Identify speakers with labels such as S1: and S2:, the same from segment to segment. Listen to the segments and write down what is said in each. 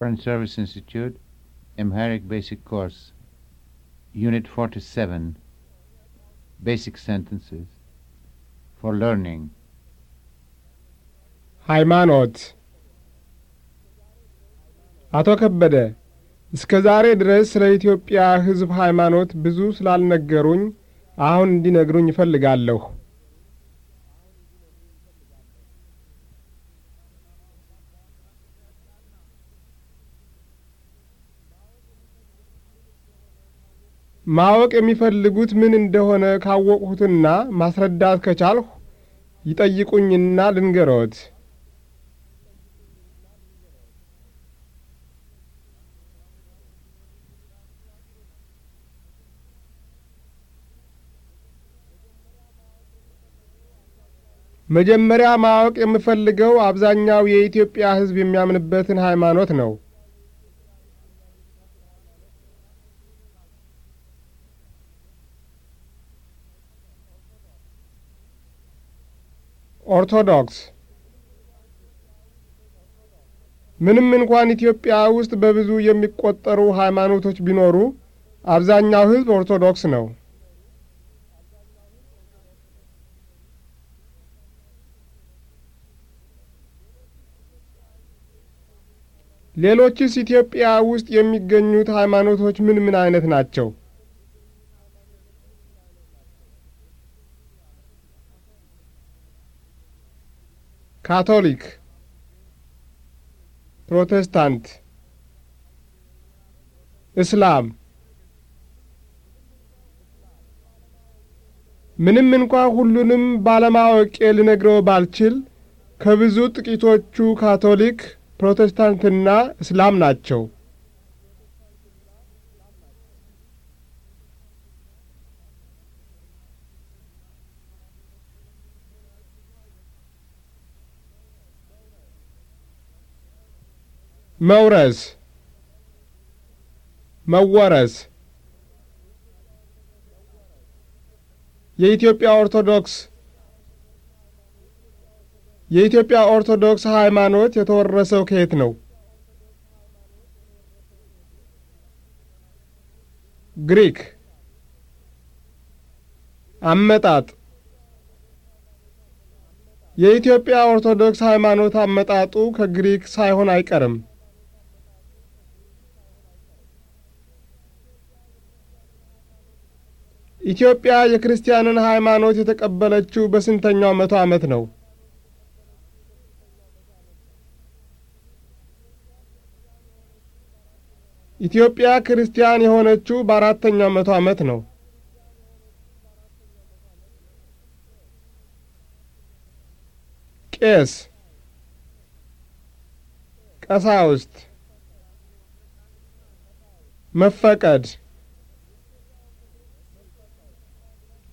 S1: Foreign Service Institute, Amharic Basic Course, Unit 47, Basic Sentences, for Learning. ሃይማኖት አቶ ከበደ፣ እስከ ዛሬ ድረስ ስለ ኢትዮጵያ ሕዝብ ሃይማኖት ብዙ ስላልነገሩኝ አሁን እንዲነግሩኝ እፈልጋለሁ። ማወቅ የሚፈልጉት ምን እንደሆነ ካወቅሁትና ማስረዳት ከቻልሁ ይጠይቁኝና ልንገሮት። መጀመሪያ ማወቅ የምፈልገው አብዛኛው የኢትዮጵያ ሕዝብ የሚያምንበትን ሃይማኖት ነው። ኦርቶዶክስ ምንም እንኳን ኢትዮጵያ ውስጥ በብዙ የሚቆጠሩ ሃይማኖቶች ቢኖሩ አብዛኛው ሕዝብ ኦርቶዶክስ ነው። ሌሎችስ ኢትዮጵያ ውስጥ የሚገኙት ሃይማኖቶች ምን ምን አይነት ናቸው? ካቶሊክ ፕሮቴስታንት እስላም ምንም እንኳ ሁሉንም ባለማወቄ ልነግረው ባልችል ከብዙ ጥቂቶቹ ካቶሊክ ፕሮቴስታንትና እስላም ናቸው። መውረስ መወረስ የኢትዮጵያ ኦርቶዶክስ የኢትዮጵያ ኦርቶዶክስ ሃይማኖት የተወረሰው ከየት ነው? ግሪክ አመጣጥ የኢትዮጵያ ኦርቶዶክስ ሃይማኖት አመጣጡ ከግሪክ ሳይሆን አይቀርም። ኢትዮጵያ የክርስቲያንን ሃይማኖት የተቀበለችው በስንተኛው መቶ ዓመት ነው? ኢትዮጵያ ክርስቲያን የሆነችው በአራተኛው መቶ ዓመት ነው። ቄስ፣ ቀሳውስት፣ መፈቀድ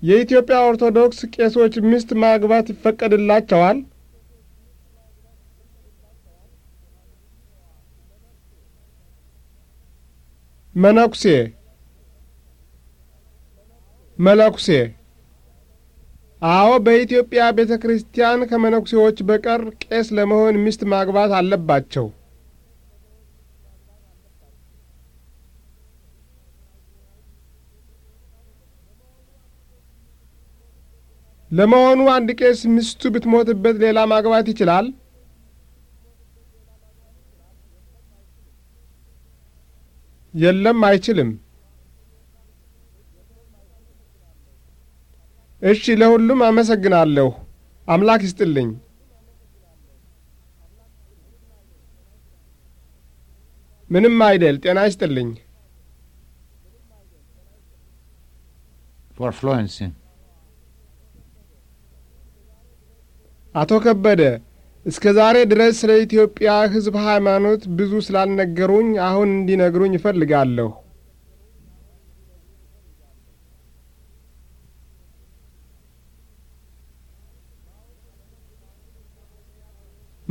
S1: የኢትዮጵያ ኦርቶዶክስ ቄሶች ሚስት ማግባት ይፈቀድላቸዋል? መነኩሴ መለኩሴ አዎ፣ በኢትዮጵያ ቤተ ክርስቲያን ከመነኩሴዎች በቀር ቄስ ለመሆን ሚስት ማግባት አለባቸው። ለመሆኑ አንድ ቄስ ሚስቱ ብትሞትበት ሌላ ማግባት ይችላል? የለም፣ አይችልም። እሺ፣ ለሁሉም አመሰግናለሁ። አምላክ ይስጥልኝ። ምንም አይደል። ጤና ይስጥልኝ። አቶ ከበደ እስከ ዛሬ ድረስ ስለ ኢትዮጵያ ሕዝብ ሃይማኖት ብዙ ስላልነገሩኝ አሁን እንዲነግሩኝ እፈልጋለሁ።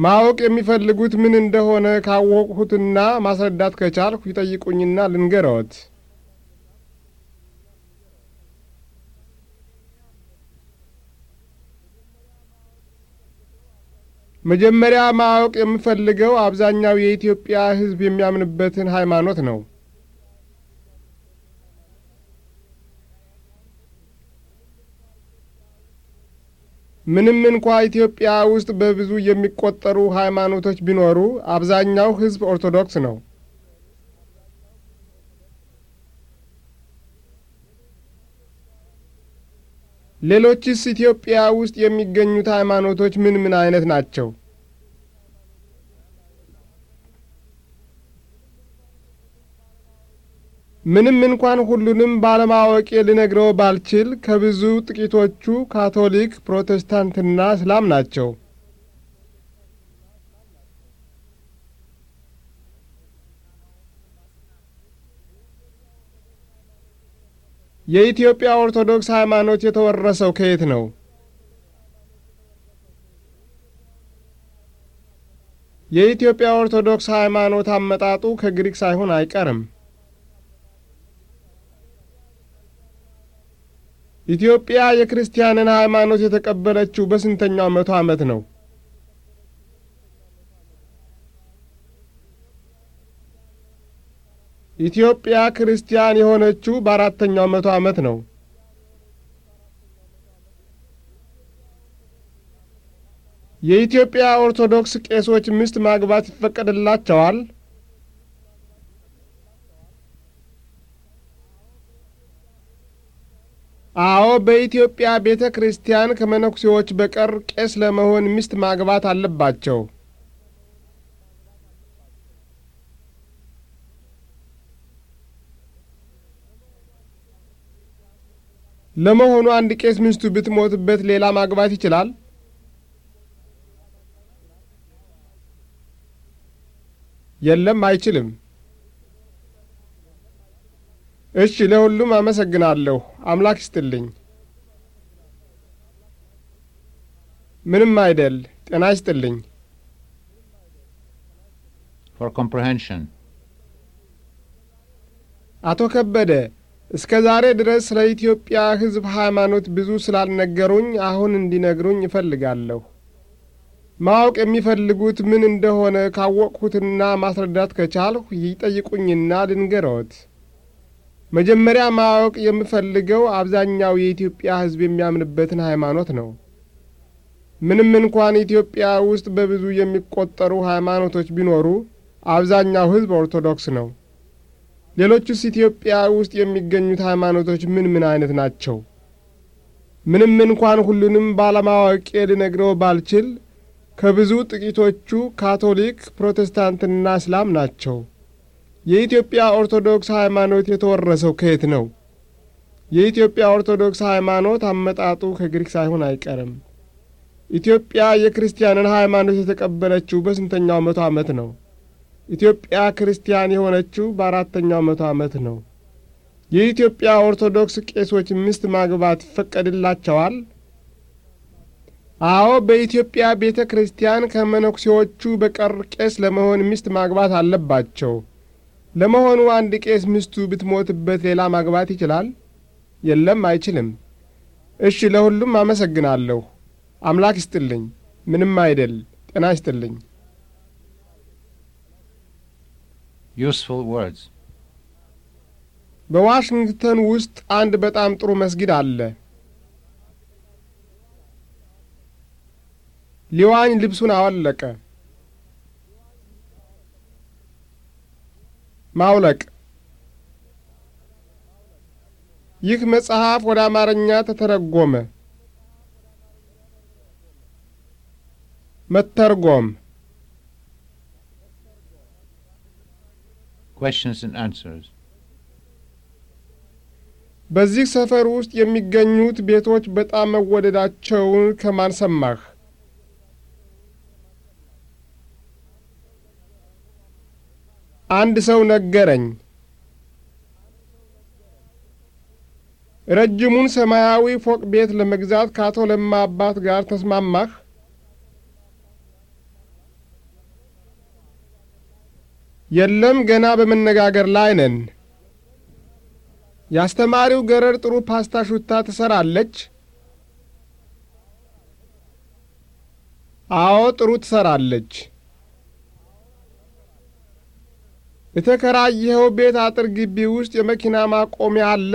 S1: ማወቅ የሚፈልጉት ምን እንደሆነ ካወቅሁትና ማስረዳት ከቻልሁ ይጠይቁኝና ልንገረዎት። መጀመሪያ ማወቅ የምፈልገው አብዛኛው የኢትዮጵያ ሕዝብ የሚያምንበትን ሃይማኖት ነው። ምንም እንኳ ኢትዮጵያ ውስጥ በብዙ የሚቆጠሩ ሃይማኖቶች ቢኖሩ አብዛኛው ሕዝብ ኦርቶዶክስ ነው። ሌሎችስ ኢትዮጵያ ውስጥ የሚገኙት ሃይማኖቶች ምን ምን አይነት ናቸው? ምንም እንኳን ሁሉንም ባለማወቄ ልነግረው ባልችል ከብዙ ጥቂቶቹ ካቶሊክ፣ ፕሮቴስታንትና እስላም ናቸው። የኢትዮጵያ ኦርቶዶክስ ሃይማኖት የተወረሰው ከየት ነው? የኢትዮጵያ ኦርቶዶክስ ሃይማኖት አመጣጡ ከግሪክ ሳይሆን አይቀርም። ኢትዮጵያ የክርስቲያንን ሃይማኖት የተቀበለችው በስንተኛው መቶ ዓመት ነው? ኢትዮጵያ ክርስቲያን የሆነችው በአራተኛው መቶ ዓመት ነው። የኢትዮጵያ ኦርቶዶክስ ቄሶች ሚስት ማግባት ይፈቀድላቸዋል? አዎ፣ በኢትዮጵያ ቤተ ክርስቲያን ከመነኩሴዎች በቀር ቄስ ለመሆን ሚስት ማግባት አለባቸው። ለመሆኑ አንድ ቄስ ሚስቱ ብትሞትበት ሌላ ማግባት ይችላል? የለም፣ አይችልም። እሺ፣ ለሁሉም አመሰግናለሁ። አምላክ ይስጥልኝ። ምንም አይደል። ጤና ይስጥልኝ። ፎር አቶ ከበደ እስከ ዛሬ ድረስ ለኢትዮጵያ ሕዝብ ሃይማኖት ብዙ ስላልነገሩኝ አሁን እንዲነግሩኝ እፈልጋለሁ። ማወቅ የሚፈልጉት ምን እንደሆነ ካወቅሁትና ማስረዳት ከቻልሁ ይጠይቁኝና ልንገረዎት መጀመሪያ ማወቅ የምፈልገው አብዛኛው የኢትዮጵያ ሕዝብ የሚያምንበትን ሃይማኖት ነው። ምንም እንኳን ኢትዮጵያ ውስጥ በብዙ የሚቆጠሩ ሃይማኖቶች ቢኖሩ አብዛኛው ሕዝብ ኦርቶዶክስ ነው። ሌሎቹስ ኢትዮጵያ ውስጥ የሚገኙት ሃይማኖቶች ምን ምን አይነት ናቸው? ምንም እንኳን ሁሉንም ባለማወቄ ልነግረው ባልችል ከብዙ ጥቂቶቹ ካቶሊክ፣ ፕሮቴስታንትና እስላም ናቸው። የኢትዮጵያ ኦርቶዶክስ ሃይማኖት የተወረሰው ከየት ነው? የኢትዮጵያ ኦርቶዶክስ ሃይማኖት አመጣጡ ከግሪክ ሳይሆን አይቀርም። ኢትዮጵያ የክርስቲያንን ሃይማኖት የተቀበለችው በስንተኛው መቶ ዓመት ነው? ኢትዮጵያ ክርስቲያን የሆነችው በአራተኛው መቶ ዓመት ነው። የኢትዮጵያ ኦርቶዶክስ ቄሶች ሚስት ማግባት ይፈቀድላቸዋል? አዎ፣ በኢትዮጵያ ቤተ ክርስቲያን ከመነኩሴዎቹ በቀር ቄስ ለመሆን ሚስት ማግባት አለባቸው። ለመሆኑ አንድ ቄስ ሚስቱ ብትሞትበት ሌላ ማግባት ይችላል? የለም፣ አይችልም። እሺ፣ ለሁሉም አመሰግናለሁ። አምላክ ይስጥልኝ። ምንም አይደል። ጤና ይስጥልኝ። useful words. በዋሽንግተን ውስጥ አንድ በጣም ጥሩ መስጊድ አለ። ሊዋኝ ልብሱን አወለቀ። ማውለቅ ይህ መጽሐፍ ወደ አማርኛ ተተረጎመ። መተርጎም questions and answers. በዚህ ሰፈር ውስጥ የሚገኙት ቤቶች በጣም መወደዳቸውን ከማን ሰማህ? አንድ ሰው ነገረኝ። ረጅሙን ሰማያዊ ፎቅ ቤት ለመግዛት ከአቶ ለማ አባት ጋር ተስማማህ? የለም ገና በመነጋገር ላይ ነን። ያስተማሪው ገረድ ጥሩ ፓስታ ሹታ ትሰራለች? አዎ ጥሩ ትሰራለች። የተከራየኸው ቤት አጥር ግቢ ውስጥ የመኪና ማቆሚያ አለ?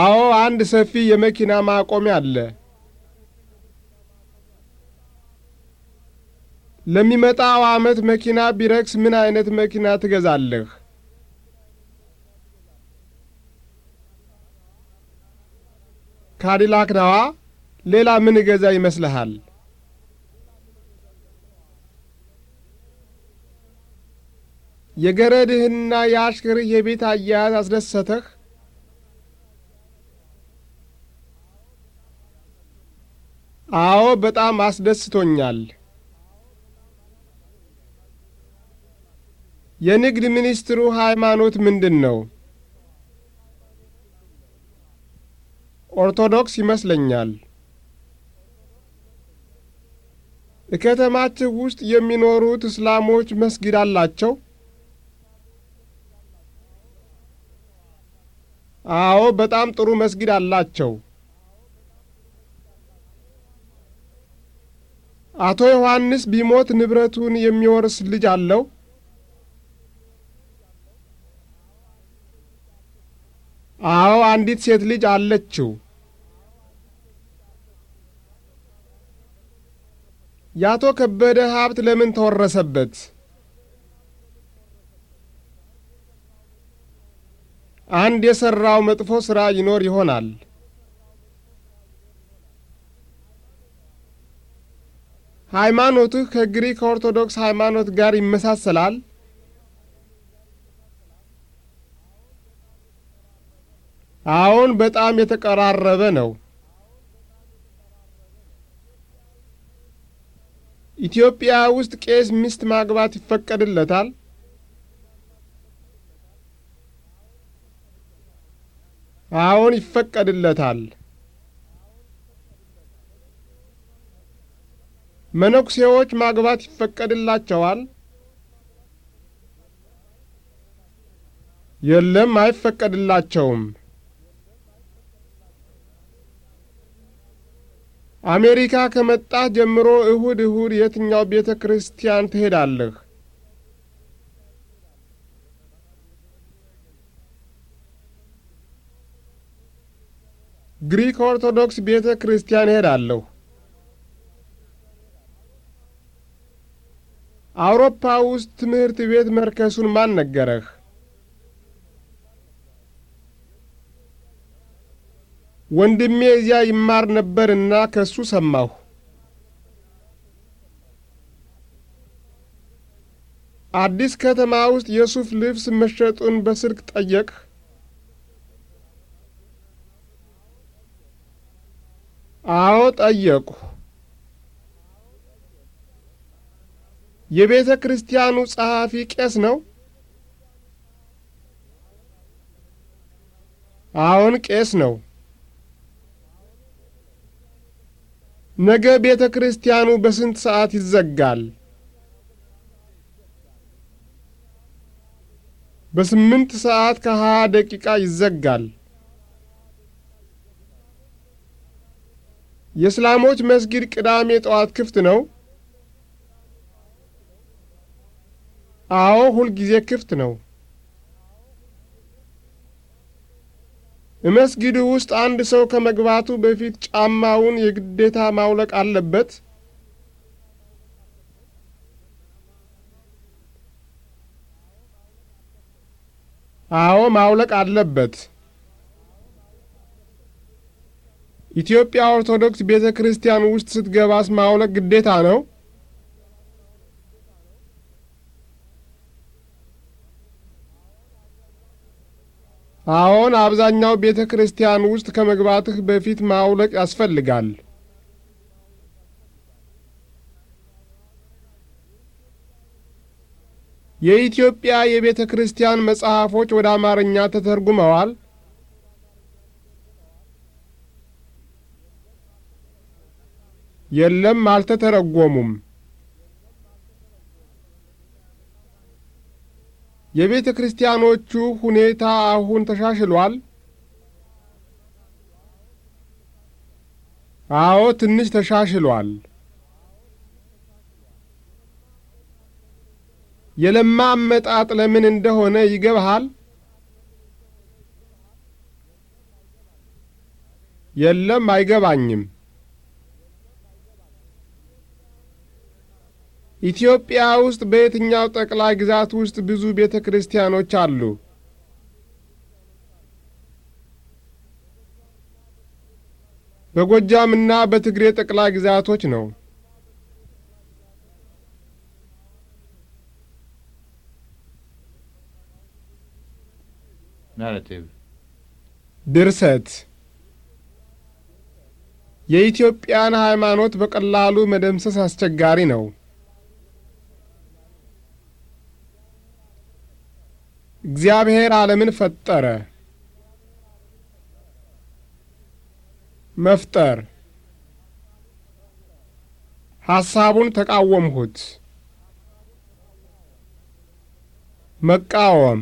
S1: አዎ አንድ ሰፊ የመኪና ማቆሚያ አለ። ለሚመጣው ዓመት መኪና ቢረክስ ምን አይነት መኪና ትገዛለህ? ካዲላክ ነዋ። ሌላ ምን እገዛ ይመስልሃል? የገረድህና የአሽከርህ የቤት አያያዝ አስደሰተህ? አዎ፣ በጣም አስደስቶኛል። የንግድ ሚኒስትሩ ሃይማኖት ምንድን ነው? ኦርቶዶክስ ይመስለኛል። እከተማችሁ ውስጥ የሚኖሩት እስላሞች መስጊድ አላቸው? አዎ፣ በጣም ጥሩ መስጊድ አላቸው። አቶ ዮሐንስ ቢሞት ንብረቱን የሚወርስ ልጅ አለው? አዎ አንዲት ሴት ልጅ አለችው። የአቶ ከበደ ሀብት ለምን ተወረሰበት? አንድ የሠራው መጥፎ ሥራ ይኖር ይሆናል። ሃይማኖትህ ከግሪክ ኦርቶዶክስ ሃይማኖት ጋር ይመሳሰላል? አሁን በጣም የተቀራረበ ነው። ኢትዮጵያ ውስጥ ቄስ ሚስት ማግባት ይፈቀድለታል? አሁን ይፈቀድለታል። መነኩሴዎች ማግባት ይፈቀድላቸዋል? የለም አይፈቀድላቸውም። አሜሪካ ከመጣህ ጀምሮ እሁድ እሁድ የትኛው ቤተ ክርስቲያን ትሄዳለህ? ግሪክ ኦርቶዶክስ ቤተ ክርስቲያን እሄዳለሁ። አውሮፓ ውስጥ ትምህርት ቤት መርከሱን ማን ነገረህ? ወንድሜ እዚያ ይማር ነበርና ከእሱ ሰማሁ። አዲስ ከተማ ውስጥ የሱፍ ልብስ መሸጡን በስልክ ጠየቅህ? አዎ ጠየቁ! የቤተ ክርስቲያኑ ጸሐፊ ቄስ ነው? አዎን ቄስ ነው። ነገ ቤተ ክርስቲያኑ በስንት ሰዓት ይዘጋል? በስምንት ሰዓት ከሀያ ደቂቃ ይዘጋል። የእስላሞች መስጊድ ቅዳሜ ጠዋት ክፍት ነው? አዎ፣ ሁልጊዜ ክፍት ነው። መስጊዱ ውስጥ አንድ ሰው ከመግባቱ በፊት ጫማውን የግዴታ ማውለቅ አለበት? አዎ ማውለቅ አለበት። ኢትዮጵያ ኦርቶዶክስ ቤተ ክርስቲያን ውስጥ ስትገባስ ማውለቅ ግዴታ ነው? አዎን፣ አብዛኛው ቤተ ክርስቲያን ውስጥ ከመግባትህ በፊት ማውለቅ ያስፈልጋል። የኢትዮጵያ የቤተ ክርስቲያን መጽሐፎች ወደ አማርኛ ተተርጉመዋል? የለም፣ አልተተረጎሙም። የቤተ ክርስቲያኖቹ ሁኔታ አሁን ተሻሽሏል? አዎ፣ ትንሽ ተሻሽሏል። የለማ አመጣጥ ለምን እንደሆነ ይገባሃል? የለም፣ አይገባኝም። ኢትዮጵያ ውስጥ በየትኛው ጠቅላይ ግዛት ውስጥ ብዙ ቤተ ክርስቲያኖች አሉ? በጎጃምና በትግሬ ጠቅላይ ግዛቶች ነው። ድርሰት የኢትዮጵያን ሃይማኖት በቀላሉ መደምሰስ አስቸጋሪ ነው። እግዚአብሔር ዓለምን ፈጠረ። መፍጠር ሐሳቡን ተቃወምሁት። መቃወም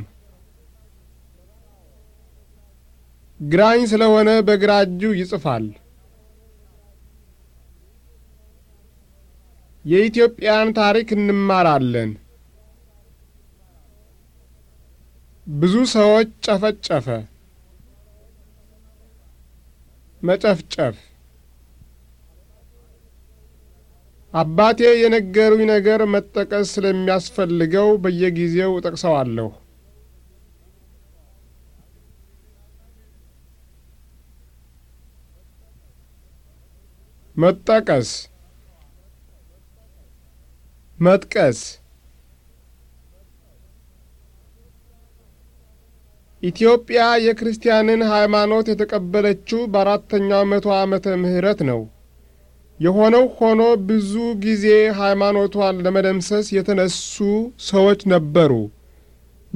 S1: ግራኝ ስለሆነ በግራ እጁ ይጽፋል። የኢትዮጵያን ታሪክ እንማራለን። ብዙ ሰዎች ጨፈጨፈ። መጨፍጨፍ። አባቴ የነገሩኝ ነገር መጠቀስ ስለሚያስፈልገው በየጊዜው እጠቅሰዋለሁ። መጠቀስ መጥቀስ ኢትዮጵያ የክርስቲያንን ሃይማኖት የተቀበለችው በአራተኛው መቶ ዓመተ ምህረት ነው። የሆነው ሆኖ ብዙ ጊዜ ሃይማኖቷን ለመደምሰስ የተነሱ ሰዎች ነበሩ።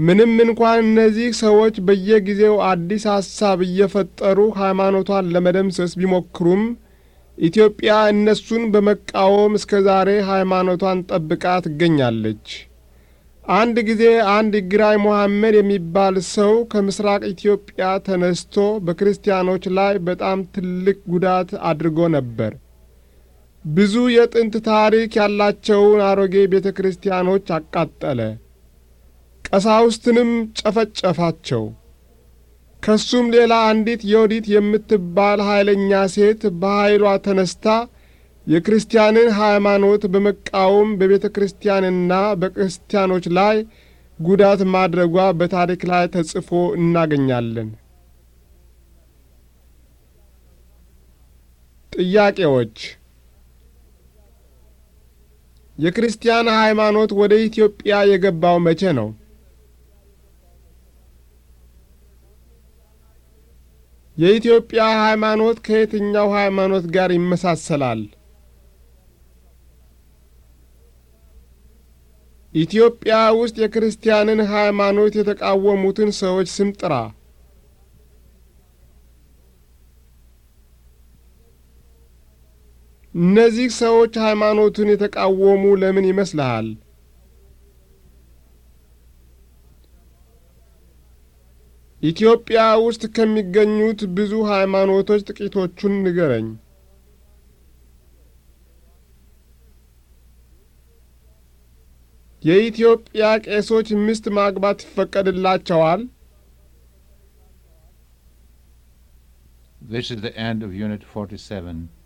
S1: ምንም እንኳን እነዚህ ሰዎች በየጊዜው አዲስ ሐሳብ እየፈጠሩ ሃይማኖቷን ለመደምሰስ ቢሞክሩም ኢትዮጵያ እነሱን በመቃወም እስከ ዛሬ ሃይማኖቷን ጠብቃ ትገኛለች። አንድ ጊዜ አንድ ግራኝ መሐመድ የሚባል ሰው ከምስራቅ ኢትዮጵያ ተነስቶ በክርስቲያኖች ላይ በጣም ትልቅ ጉዳት አድርጎ ነበር። ብዙ የጥንት ታሪክ ያላቸውን አሮጌ ቤተ ክርስቲያኖች አቃጠለ። ቀሳውስትንም ጨፈጨፋቸው። ከሱም ሌላ አንዲት ዮዲት የምትባል ኃይለኛ ሴት በኃይሏ ተነስታ የክርስቲያንን ሃይማኖት በመቃወም በቤተ ክርስቲያንና በክርስቲያኖች ላይ ጉዳት ማድረጓ በታሪክ ላይ ተጽፎ እናገኛለን። ጥያቄዎች የክርስቲያን ሃይማኖት ወደ ኢትዮጵያ የገባው መቼ ነው? የኢትዮጵያ ሃይማኖት ከየትኛው ሃይማኖት ጋር ይመሳሰላል? ኢትዮጵያ ውስጥ የክርስቲያንን ሃይማኖት የተቃወሙትን ሰዎች ስም ጥራ። እነዚህ ሰዎች ሃይማኖቱን የተቃወሙ ለምን ይመስልሃል? ኢትዮጵያ ውስጥ ከሚገኙት ብዙ ሃይማኖቶች ጥቂቶቹን ንገረኝ። የኢትዮጵያ ቄሶች ሚስት ማግባት ይፈቀድላቸዋል? This is the end of Unit 47.